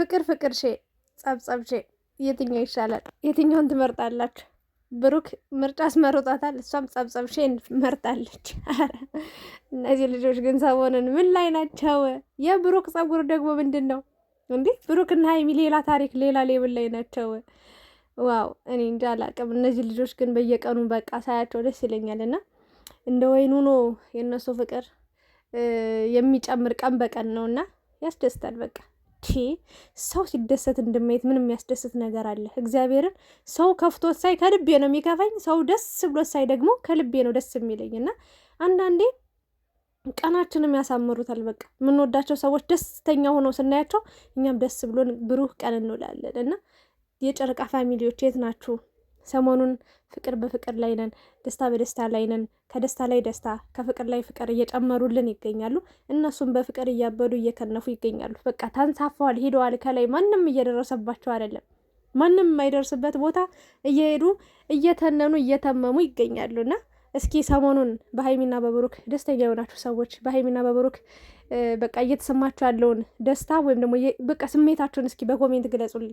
ፍቅር ፍቅር ሼ ጸብጸብ ሼ የትኛው ይሻላል? የትኛውን ትመርጣላችሁ? ብሩክ ምርጫ አስመርጧታል፣ እሷም ጸብጸብ ሼን መርጣለች። እነዚህ ልጆች ግን ሰሞኑን ምን ላይ ናቸው? የብሩክ ጸጉር ደግሞ ምንድን ነው እንዴ? እና ሀይሚ ሌላ ታሪክ፣ ሌላ ሌብል ላይ ናቸው። ዋው እኔ እንጃ አላቅም። እነዚህ ልጆች ግን በየቀኑ በቃ ሳያቸው ደስ ይለኛል። እና እንደ ወይኑ ኖ የእነሱ ፍቅር የሚጨምር ቀን በቀን ነው እና ያስደስታል በቃ ሰው ሲደሰት እንደማየት ምን የሚያስደስት ነገር አለ? እግዚአብሔርን ሰው ከፍቶት ሳይ ከልቤ ነው የሚከፋኝ። ሰው ደስ ብሎት ሳይ ደግሞ ከልቤ ነው ደስ የሚለኝ እና አንዳንዴ ቀናችንም ያሳምሩታል። በቃ የምንወዳቸው ሰዎች ደስተኛ ሆነው ስናያቸው እኛም ደስ ብሎን ብሩህ ቀን እንውላለን እና የጨረቃ ፋሚሊዎች የት ናችሁ? ሰሞኑን ፍቅር በፍቅር ላይ ነን፣ ደስታ በደስታ ላይ ነን፣ ከደስታ ላይ ደስታ፣ ከፍቅር ላይ ፍቅር እየጨመሩልን ይገኛሉ። እነሱም በፍቅር እያበዱ እየከነፉ ይገኛሉ። በቃ ተንሳፈዋል፣ ሄደዋል። ከላይ ማንም እየደረሰባቸው አይደለም። ማንም የማይደርስበት ቦታ እየሄዱ እየተነኑ እየተመሙ ይገኛሉና እስኪ ሰሞኑን በሀይሚና በብሩክ ደስተኛ የሆናችሁ ሰዎች በሀይሚና በብሩክ በቃ እየተሰማችሁ ያለውን ደስታ ወይም ደግሞ በቃ ስሜታችሁን እስኪ በኮሜንት ግለጹልኝ።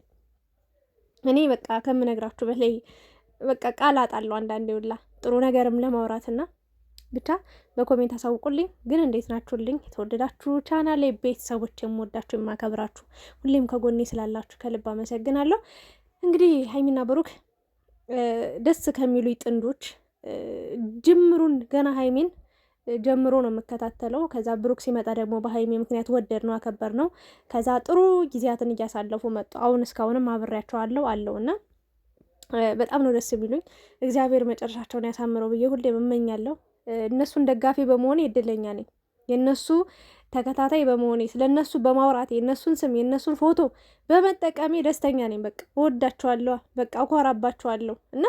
እኔ በቃ ከምነግራችሁ በላይ በቃ ቃል አጣለሁ አንዳንዴ ውላ ጥሩ ነገርም ለማውራትና ብቻ በኮሜንት አሳውቁልኝ። ግን እንዴት ናችሁልኝ? የተወደዳችሁ ላይ ቤተሰቦች፣ የምወዳችሁ የማከብራችሁ፣ ሁሌም ከጎኔ ስላላችሁ ከልብ አመሰግናለሁ። እንግዲህ ሀይሚና ብሩክ ደስ ከሚሉ ጥንዶች ጅምሩን ገና ሀይሚን ጀምሮ ነው የምከታተለው። ከዛ ብሩክ ሲመጣ ደግሞ በሀይሚ ምክንያት ወደድ ነው አከበር ነው። ከዛ ጥሩ ጊዜያትን እያሳለፉ መጡ። አሁን እስካሁንም አለው እና በጣም ነው ደስ የሚሉኝ። እግዚአብሔር መጨረሻቸውን ያሳምረው ብዬ ሁሌ እመኛለሁ። እነሱን ደጋፊ በመሆኔ እድለኛ ነኝ። የእነሱ ተከታታይ በመሆኔ ስለ እነሱ በማውራት የእነሱን ስም የእነሱን ፎቶ በመጠቀሜ ደስተኛ ነኝ። በቃ እወዳቸዋለሁ፣ በቃ እኮራባቸዋለሁ እና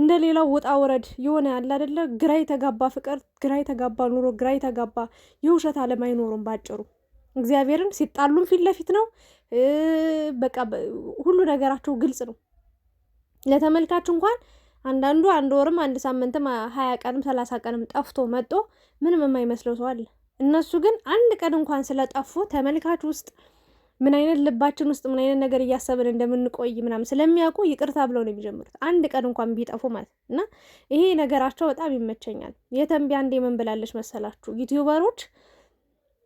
እንደ ሌላው ውጣ ውረድ የሆነ ያለ አደለ? ግራ የተጋባ ፍቅር፣ ግራ የተጋባ ኑሮ፣ ግራ የተጋባ የውሸት አለም አይኖሩም። ባጭሩ እግዚአብሔርን ሲጣሉም ፊት ለፊት ነው። በቃ ሁሉ ነገራቸው ግልጽ ነው ለተመልካች እንኳን አንዳንዱ አንድ ወርም አንድ ሳምንትም ሀያ ቀንም ሰላሳ ቀንም ጠፍቶ መጦ ምንም የማይመስለው ሰው አለ። እነሱ ግን አንድ ቀን እንኳን ስለጠፉ ተመልካች ውስጥ ምን አይነት ልባችን ውስጥ ምን አይነት ነገር እያሰብን እንደምንቆይ ምናምን ስለሚያውቁ ይቅርታ ብለው ነው የሚጀምሩት። አንድ ቀን እንኳን ቢጠፉ ማለት እና ይሄ ነገራቸው በጣም ይመቸኛል። የተንቢ አንዴ ምን ብላለች መሰላችሁ? ዩቲዩበሮች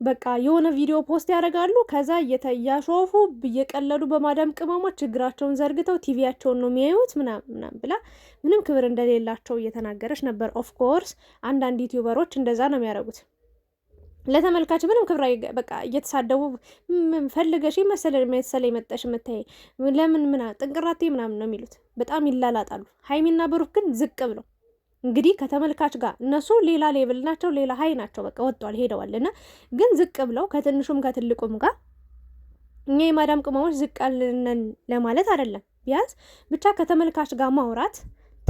በቃ የሆነ ቪዲዮ ፖስት ያደርጋሉ። ከዛ እየተያሾፉ እየቀለዱ በማዳም ቅመሞች ችግራቸውን ዘርግተው ቲቪያቸውን ነው የሚያዩት ምናምን ምናምን ብላ ምንም ክብር እንደሌላቸው እየተናገረች ነበር። ኦፍኮርስ አንዳንድ ዩቲዩበሮች እንደዛ ነው የሚያደርጉት። ለተመልካች ምንም ክብር በቃ እየተሳደቡ ፈልገሽ መሰለ መሰለ የመጣሽ መታይ ለምን ምና ጥንቅራቴ ምናምን ነው የሚሉት። በጣም ይላላጣሉ። ሀይሚና ብሩክ ግን ዝቅ ብለው እንግዲህ ከተመልካች ጋር እነሱ ሌላ ሌብል ናቸው፣ ሌላ ሀይ ናቸው። በቃ ወጥቷል ሄደዋል። እና ግን ዝቅ ብለው ከትንሹም ከትልቁም ጋር እኛ የማዳም ቅመሞች ዝቅ ያልነን ለማለት አይደለም። ቢያንስ ብቻ ከተመልካች ጋር ማውራት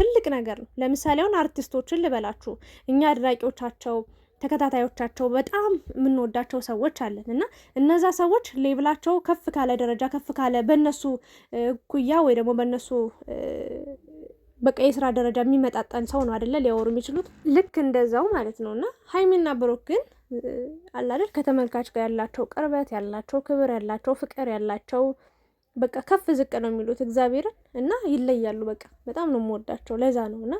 ትልቅ ነገር ነው። ለምሳሌ አሁን አርቲስቶችን ልበላችሁ እኛ አድናቂዎቻቸው ተከታታዮቻቸው በጣም የምንወዳቸው ሰዎች አለን እና እነዛ ሰዎች ሌብላቸው ከፍ ካለ ደረጃ ከፍ ካለ በእነሱ ኩያ ወይ ደግሞ በእነሱ በቃ የስራ ደረጃ የሚመጣጠን ሰው ነው አደለ ሊያወሩ የሚችሉት ልክ እንደዛው ማለት ነው እና ሀይሚና ብሩክ ግን አላደል ከተመልካች ጋር ያላቸው ቅርበት ያላቸው ክብር ያላቸው ፍቅር ያላቸው በቃ ከፍ ዝቅ ነው የሚሉት እግዚአብሔርን እና ይለያሉ። በቃ በጣም ነው የምወዳቸው ለዛ ነው እና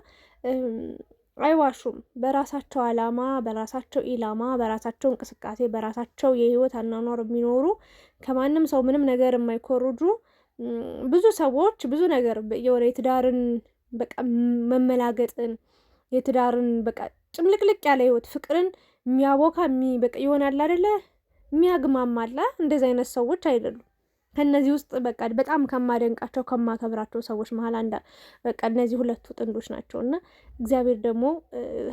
አይዋሹም። በራሳቸው አላማ፣ በራሳቸው ኢላማ፣ በራሳቸው እንቅስቃሴ፣ በራሳቸው የህይወት አኗኗር የሚኖሩ ከማንም ሰው ምንም ነገር የማይኮርጁ ብዙ ሰዎች ብዙ ነገር የሆነ የትዳርን በቃ መመላገጥን የትዳርን በቃ ጭምልቅልቅ ያለ ህይወት ፍቅርን የሚያቦካ በቃ ይሆናል አይደለ? የሚያግማማላ እንደዚህ አይነት ሰዎች አይደሉም። ከነዚህ ውስጥ በቃ በጣም ከማደንቃቸው ከማከብራቸው ሰዎች መሀል አንድ በቃ እነዚህ ሁለቱ ጥንዶች ናቸው እና እግዚአብሔር ደግሞ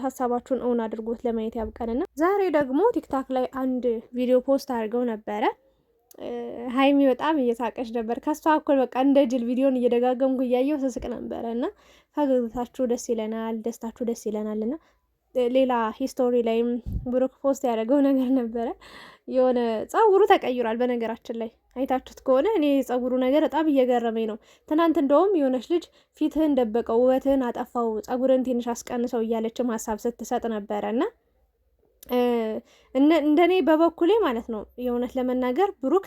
ሀሳባችሁን እውን አድርጎት ለማየት ያብቀንና ዛሬ ደግሞ ቲክታክ ላይ አንድ ቪዲዮ ፖስት አድርገው ነበረ። ሀይሚ በጣም እየሳቀች ነበር። ከሷ እኩል በቃ እንደ ጅል ቪዲዮን እየደጋገምኩ እያየው ስስቅ ነበረ እና ፈገግታችሁ ደስ ይለናል፣ ደስታችሁ ደስ ይለናል እና ሌላ ሂስቶሪ ላይም ብሩክ ፖስት ያደረገው ነገር ነበረ የሆነ ጸጉሩ ተቀይሯል። በነገራችን ላይ አይታችሁት ከሆነ እኔ የጸጉሩ ነገር በጣም እየገረመኝ ነው። ትናንት እንደውም የሆነች ልጅ ፊትህን ደበቀው፣ ውበትህን አጠፋው፣ ጸጉርን ትንሽ አስቀንሰው እያለችም ሀሳብ ስትሰጥ ነበረ እና እንደኔ በበኩሌ ማለት ነው የእውነት ለመናገር ብሩክ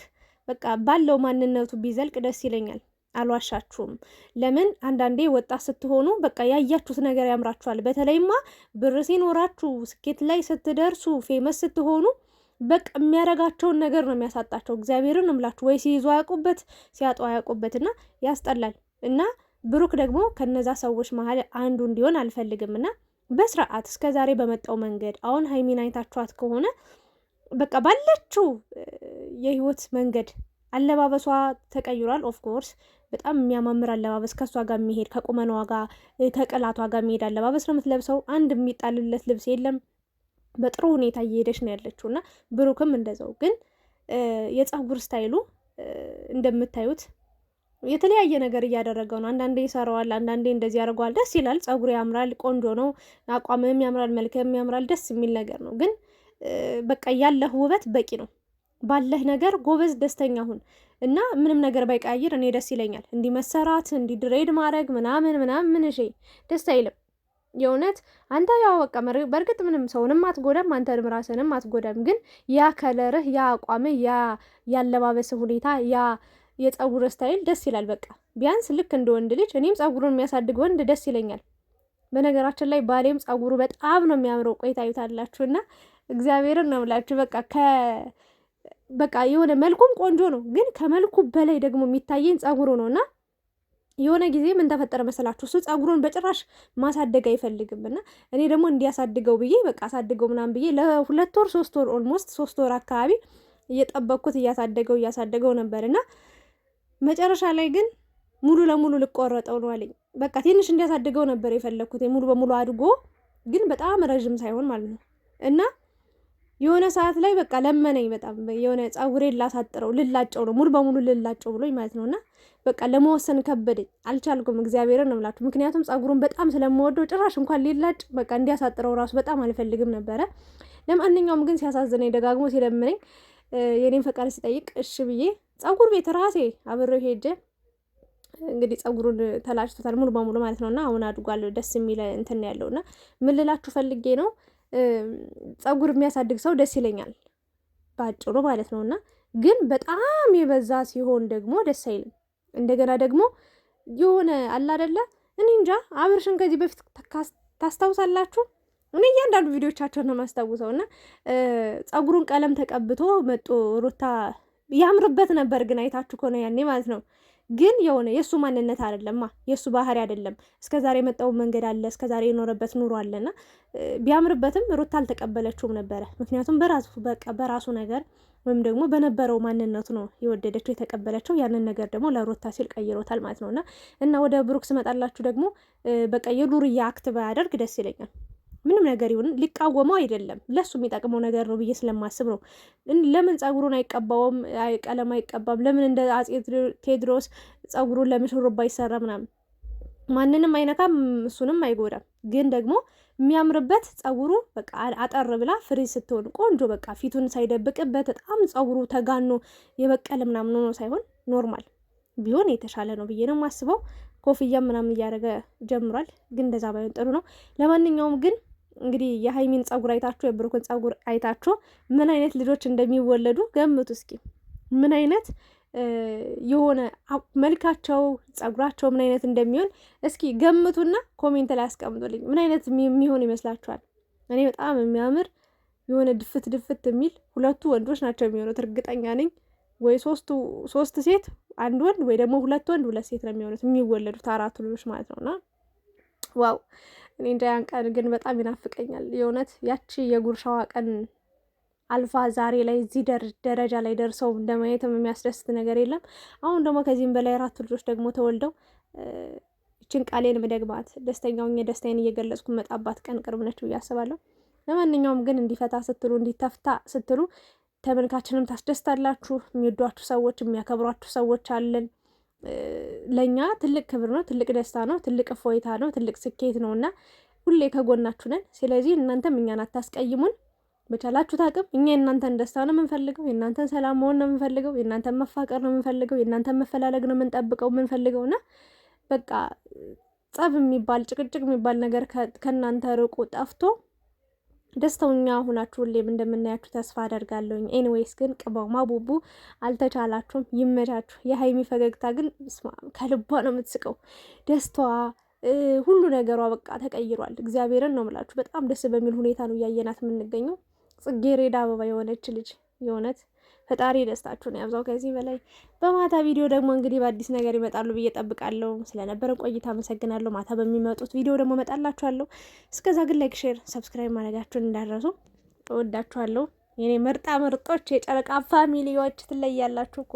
በቃ ባለው ማንነቱ ቢዘልቅ ደስ ይለኛል። አልዋሻችሁም። ለምን አንዳንዴ ወጣት ስትሆኑ በቃ ያያችሁት ነገር ያምራችኋል። በተለይማ ብር ሲኖራችሁ፣ ስኬት ላይ ስትደርሱ፣ ፌመስ ስትሆኑ በቃ የሚያረጋቸውን ነገር ነው የሚያሳጣቸው። እግዚአብሔርን እምላችሁ ወይ ሲይዙ አያውቁበት፣ ሲያጡ አያውቁበት እና ያስጠላል። እና ብሩክ ደግሞ ከነዛ ሰዎች መሀል አንዱ እንዲሆን አልፈልግም እና በስርዓት እስከዛሬ በመጣው መንገድ አሁን ሀይሚን አይታችኋት ከሆነ በቃ ባለችው የህይወት መንገድ አለባበሷ ተቀይሯል። ኦፍኮርስ በጣም የሚያማምር አለባበስ ከእሷ ጋር የሚሄድ ከቁመኗ ጋር ከቅላቷ ጋር የሚሄድ አለባበስ ነው የምትለብሰው። አንድ የሚጣልለት ልብስ የለም። በጥሩ ሁኔታ እየሄደች ነው ያለችው እና ብሩክም እንደዛው ግን የፀጉር ስታይሉ እንደምታዩት የተለያየ ነገር እያደረገው ነው። አንዳንዴ ይሰራዋል፣ አንዳንዴ እንደዚህ ያደርገዋል። ደስ ይላል። ፀጉር ያምራል፣ ቆንጆ ነው፣ አቋምም ያምራል፣ መልክም ያምራል። ደስ የሚል ነገር ነው። ግን በቃ ያለህ ውበት በቂ ነው። ባለህ ነገር ጎበዝ፣ ደስተኛ ሁን እና ምንም ነገር ባይቀያይር እኔ ደስ ይለኛል። እንዲህ መሰራት፣ እንዲህ ድሬድ ማድረግ ምናምን ምናምን ምን ደስ አይልም። የእውነት አንተ ያው በቃ በእርግጥ ምንም ሰውንም አትጎዳም፣ አንተንም ራስንም አትጎዳም። ግን ያ ከለርህ፣ ያ አቋምህ፣ ያ ያለባበስ ሁኔታ፣ ያ የፀጉር ስታይል ደስ ይላል። በቃ ቢያንስ ልክ እንደ ወንድ ልጅ እኔም ፀጉሩን የሚያሳድግ ወንድ ደስ ይለኛል። በነገራችን ላይ ባሌም ፀጉሩ በጣም ነው የሚያምረው። ቆይታ ታዩታላችሁ። እና እግዚአብሔርን ነው የምላችሁ በቃ ከ በቃ የሆነ መልኩም ቆንጆ ነው፣ ግን ከመልኩ በላይ ደግሞ የሚታየኝ ፀጉሩ ነው እና የሆነ ጊዜ ምን ተፈጠረ መሰላችሁ? እሱ ጸጉሩን በጭራሽ ማሳደግ አይፈልግም እና እኔ ደግሞ እንዲያሳድገው ብዬ በቃ አሳድገው ምናምን ብዬ ለሁለት ወር ሶስት ወር ኦልሞስት ሶስት ወር አካባቢ እየጠበቅኩት እያሳደገው እያሳደገው ነበር እና መጨረሻ ላይ ግን ሙሉ ለሙሉ ልቆረጠው ነው አለኝ። በቃ ትንሽ እንዲያሳድገው ነበር የፈለግኩት ሙሉ በሙሉ አድጎ ግን በጣም ረዥም ሳይሆን ማለት ነው እና የሆነ ሰዓት ላይ በቃ ለመነኝ በጣም የሆነ ጸጉሬን ላሳጥረው ልላጨው ነው ሙሉ በሙሉ ልላጨው ብሎኝ ማለት ነው እና በቃ ለመወሰን ከበደኝ፣ አልቻልኩም። እግዚአብሔርን ነው የምላችሁ። ምክንያቱም ጸጉሩን በጣም ስለምወደው ጭራሽ እንኳን ሊላጭ በቃ እንዲያሳጥረው ራሱ በጣም አልፈልግም ነበረ። ለማንኛውም ግን ሲያሳዝነኝ ደጋግሞ ሲለምነኝ የኔን ፈቃድ ሲጠይቅ እሺ ብዬ ጸጉር ቤት ራሴ አብሬው ሄጄ እንግዲህ ጸጉሩን ተላጭቶታል ሙሉ በሙሉ ማለት ነውና አሁን አድጓል። ደስ የሚል እንትን ያለውና ምን ልላችሁ ፈልጌ ነው ጸጉር የሚያሳድግ ሰው ደስ ይለኛል፣ በአጭሩ ማለት ነውና ግን በጣም የበዛ ሲሆን ደግሞ ደስ አይልም። እንደገና ደግሞ የሆነ አላ አይደለ እኔ እንጃ አብርሽን ከዚህ በፊት ታስታውሳላችሁ? እኔ እያንዳንዱ ቪዲዮቻቸውን ነው የማስታውሰው። እና ጸጉሩን ቀለም ተቀብቶ መጦ ሩታ ያምርበት ነበር፣ ግን አይታችሁ ከሆነ ያኔ ማለት ነው። ግን የሆነ የእሱ ማንነት አይደለማ፣ የእሱ ባህሪ አይደለም። እስከዛሬ የመጣው መንገድ አለ፣ እስከዛሬ የኖረበት ኑሮ አለና ቢያምርበትም ሩታ አልተቀበለችውም ነበረ። ምክንያቱም በራሱ በቃ በራሱ ነገር ወይም ደግሞ በነበረው ማንነቱ ነው የወደደችው የተቀበለችው። ያንን ነገር ደግሞ ለሩታ ሲል ቀይሮታል ማለት ነውና እና ወደ ብሩክ ስመጣላችሁ ደግሞ በቃ የዱርያ አክት ባያደርግ ደስ ይለኛል። ምንም ነገር ይሁን ሊቃወመው አይደለም፣ ለሱ የሚጠቅመው ነገር ነው ብዬ ስለማስብ ነው። ለምን ጸጉሩን አይቀባውም? ቀለም አይቀባም? ለምን እንደ አጼ ቴዎድሮስ ጸጉሩን ለምሽሩባ አይሰራ ይሰራ ምናምን? ማንንም አይነካም፣ እሱንም አይጎዳም። ግን ደግሞ የሚያምርበት ጸጉሩ በቃ አጠር ብላ ፍሪ ስትሆን ቆንጆ በቃ ፊቱን ሳይደብቅበት በጣም ጸጉሩ ተጋኖ የበቀለ ምናምን ሆኖ ሳይሆን ኖርማል ቢሆን የተሻለ ነው ብዬ ነው የማስበው። ኮፍያ ምናምን እያደረገ ጀምሯል፣ ግን እንደዛ ባይሆን ጥሩ ነው። ለማንኛውም ግን እንግዲህ የሀይሚን ጸጉር አይታችሁ የብሩክን ጸጉር አይታችሁ ምን አይነት ልጆች እንደሚወለዱ ገምቱ እስኪ ምን አይነት የሆነ መልካቸው ጸጉራቸው ምን አይነት እንደሚሆን እስኪ ገምቱና ኮሜንት ላይ አስቀምጡልኝ። ምን አይነት የሚሆን ይመስላችኋል? እኔ በጣም የሚያምር የሆነ ድፍት ድፍት የሚል ሁለቱ ወንዶች ናቸው የሚሆኑት እርግጠኛ ነኝ። ወይ ሶስቱ ሶስት ሴት አንድ ወንድ ወይ ደግሞ ሁለት ወንድ ሁለት ሴት ነው የሚሆኑት የሚወለዱት አራቱ ልጆች ማለት ነውና ዋው እኔ እንጃ ያን ቀን ግን በጣም ይናፍቀኛል የእውነት ያቺ የጉርሻዋ ቀን አልፋ ዛሬ ላይ እዚህ ደረጃ ላይ ደርሰው እንደማየትም የሚያስደስት ነገር የለም። አሁን ደግሞ ከዚህም በላይ አራት ልጆች ደግሞ ተወልደው ይችን ቃሌን መደግባት ደስተኛውን የደስታዬን እየገለጽኩ መጣባት ቀን ቅርብ ነች ብዬ አስባለሁ። ለማንኛውም ግን እንዲፈታ ስትሉ እንዲተፍታ ስትሉ ተመልካችንም ታስደስታላችሁ። የሚወዷችሁ ሰዎች፣ የሚያከብሯችሁ ሰዎች አለን። ለእኛ ትልቅ ክብር ነው፣ ትልቅ ደስታ ነው፣ ትልቅ እፎይታ ነው፣ ትልቅ ስኬት ነው እና ሁሌ ከጎናችሁ ነን። ስለዚህ እናንተም እኛን አታስቀይሙን። በቻላችሁት አቅም እኛ የእናንተን ደስታ ነው የምንፈልገው፣ የእናንተን ሰላም መሆን ነው የምንፈልገው፣ የእናንተን መፋቀር ነው የምንፈልገው፣ የእናንተን መፈላለግ ነው የምንጠብቀው የምንፈልገው እና በቃ ጸብ የሚባል ጭቅጭቅ የሚባል ነገር ከእናንተ ርቁ ጠፍቶ ደስተውኛ ሁናችሁ ሁሌም እንደምናያችሁ ተስፋ አደርጋለሁ። ኤኒዌይስ ግን ቅመማ ማቡቡ አልተቻላችሁም፣ ይመቻችሁ። የሀይሚ ፈገግታ ግን ከልቧ ነው የምትስቀው ደስታዋ ሁሉ ነገሯ በቃ ተቀይሯል። እግዚአብሔርን ነው ምላችሁ። በጣም ደስ በሚል ሁኔታ ነው እያየናት የምንገኘው። ጽጌሬዳ አበባ የሆነች ልጅ የእውነት ፈጣሪ ደስታችሁን ያብዛው ከዚህ በላይ። በማታ ቪዲዮ ደግሞ እንግዲህ በአዲስ ነገር ይመጣሉ ብዬ ጠብቃለሁ። ስለነበረ ቆይታ አመሰግናለሁ። ማታ በሚመጡት ቪዲዮ ደግሞ እመጣላችኋለሁ። እስከዛ ግን ላይክ፣ ሼር፣ ሰብስክራይብ ማድረጋችሁን እንዳረሱ። እወዳችኋለሁ የኔ ምርጣ ምርጦች የጨረቃ ፋሚሊዎች ትለያላችሁ እኮ